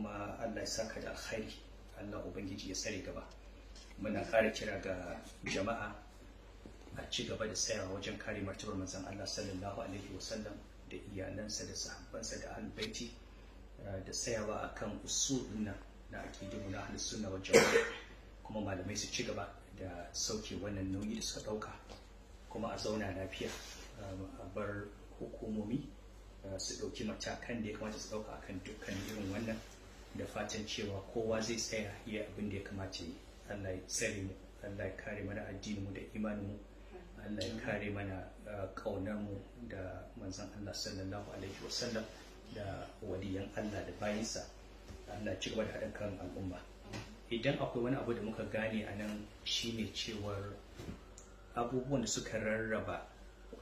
kuma Allah ya saka da alkhairi Allah ubangiji ya tsare gaba muna ƙara kira ga jama'a a ci gaba da tsayawa wajen kare martabar manzon Allah sallallahu alaihi wasallam da iyalansa da sahabbansa da albaiti eh, da tsayawa akan usulun nan na aqidu na ahlus sunna wal jama'a kuma malamai su ci gaba da sauke wannan nauyi da suka dauka kuma a zauna lafiya ehm, a bar hukumomi eh, su ɗauki matakan da ya kamata su ɗauka akan dukkan irin wannan da fatan cewa kowa zai tsaya ya abin da ya kamata yi Allah ya tsare mu Allah ya kare mana addinin mu da imaninmu mu Allah ya kare mana kaunar ah, mu da manzon Allah sallallahu alaihi wasallam da waliyan Allah da bayansa. Allah ci gaba da haɗin kan al'umma idan akwai wani abu da muka gane a nan shine cewar abubuwan da suka rarraba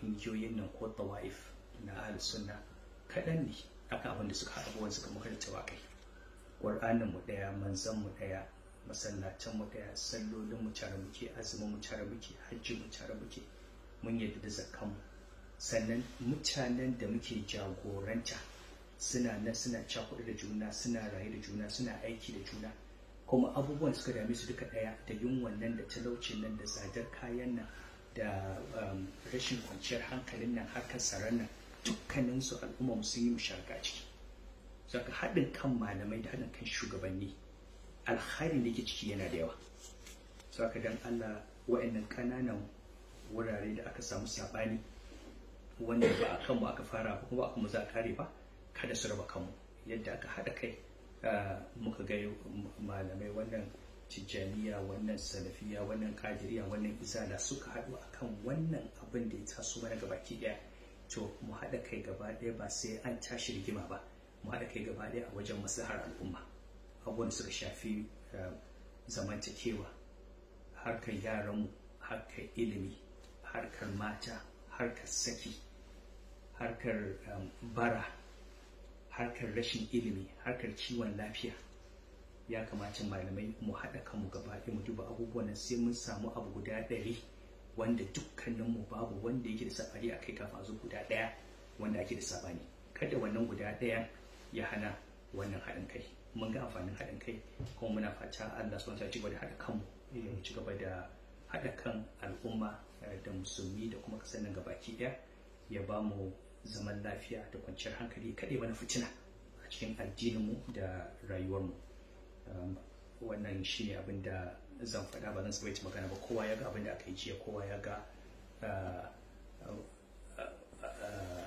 ƙungiyoyin nan ko tawa'if na al-sunna kaɗan ne akan abin da suka haɗa abubuwan suka muka da tawakai ƙur'anin mu ɗaya manzan mu ɗaya masallacin mu ɗaya sallolin mu cara muke azumin mu cara muke hajji mu cara muke mun yadda da zakkan sannan mutanen da muke jagoranta suna nan suna da juna suna rayu da juna suna aiki da juna kuma abubuwan suka dame su duka ɗaya da yunwan nan da talaucin nan da sadar kayan nan da um, rashin kwanciyar hankalin nan harkar tsaron nan dukkaninsu al'umma sun yi mu musharka ciki ka haɗin kan malamai da haɗin kan shugabanni alkhairin da ke ciki yana da yawa saka dan Allah wa'annan kananan wurare da aka samu sabani wanda ba a kanmu aka fara ba kuma ba za a kare ba kada su raba kanmu yadda aka haɗa kai ah, muka ga malamai wannan tijjaniya wannan salafiya wannan kajiriya wannan izala suka haɗu akan wannan abin da ya taso mana gabaki daya to mu haɗa kai gaba ɗaya ba sai an tashi rigima ba mu haɗa kai gaba ɗaya a wajen maslahar al'umma abubuwan suka shafi eh, zamantakewa harkar yaranmu harkar ilimi harkar mata harkar saki harkar eh, bara harkar rashin ilimi harkar ciwon lafiya ya kamata malamai mu haɗa kanmu gaba ɗaya mu duba abubuwan sai mun samu abu guda ɗari wanda dukkaninmu babu wanda yake da safari a kai kafa guda ɗaya wanda ake da sabani kada wannan guda ɗaya ya hana wannan haɗin kai mun ga amfanin haɗin kai kuma muna fata Allah subhanahu ya ci gaba da haɗa kanmu ya ci gaba da haɗa kan al'umma eh, da musulmi da kuma kasar nan gabaki ɗaya ya ba mu zaman lafiya da kwanciyar hankali kaɗai wani fitina a cikin mu da rayuwarmu um, wannan shi ne abin da zan faɗa ba zan tsawaita magana ba kowa ya ga abin da aka yi jiya kowa ya ga uh, uh, uh,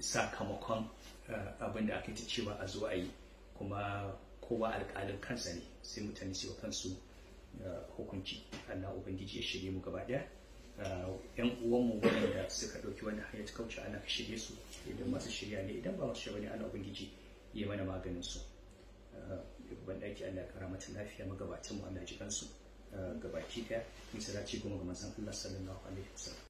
sakamakon eh, abin da aka ta cewa a zo a yi kuma kowa alƙalin kansa ne sai mutane su kansu eh, hukunci Allah ubangiji ya shirye mu gaba ɗaya yan eh, uwanmu waɗanda suka ɗauki wani hanyar ta kauce ana ka shirye su idan masu shirya ne idan ba masu shirya ne Allah ubangiji ya mana maganin su ban ɗaki Allah ya mata lafiya magabatan mu Allah ji kansu gabaki ɗaya misalaci goma ga manzon Allah sallallahu alaihi wasallam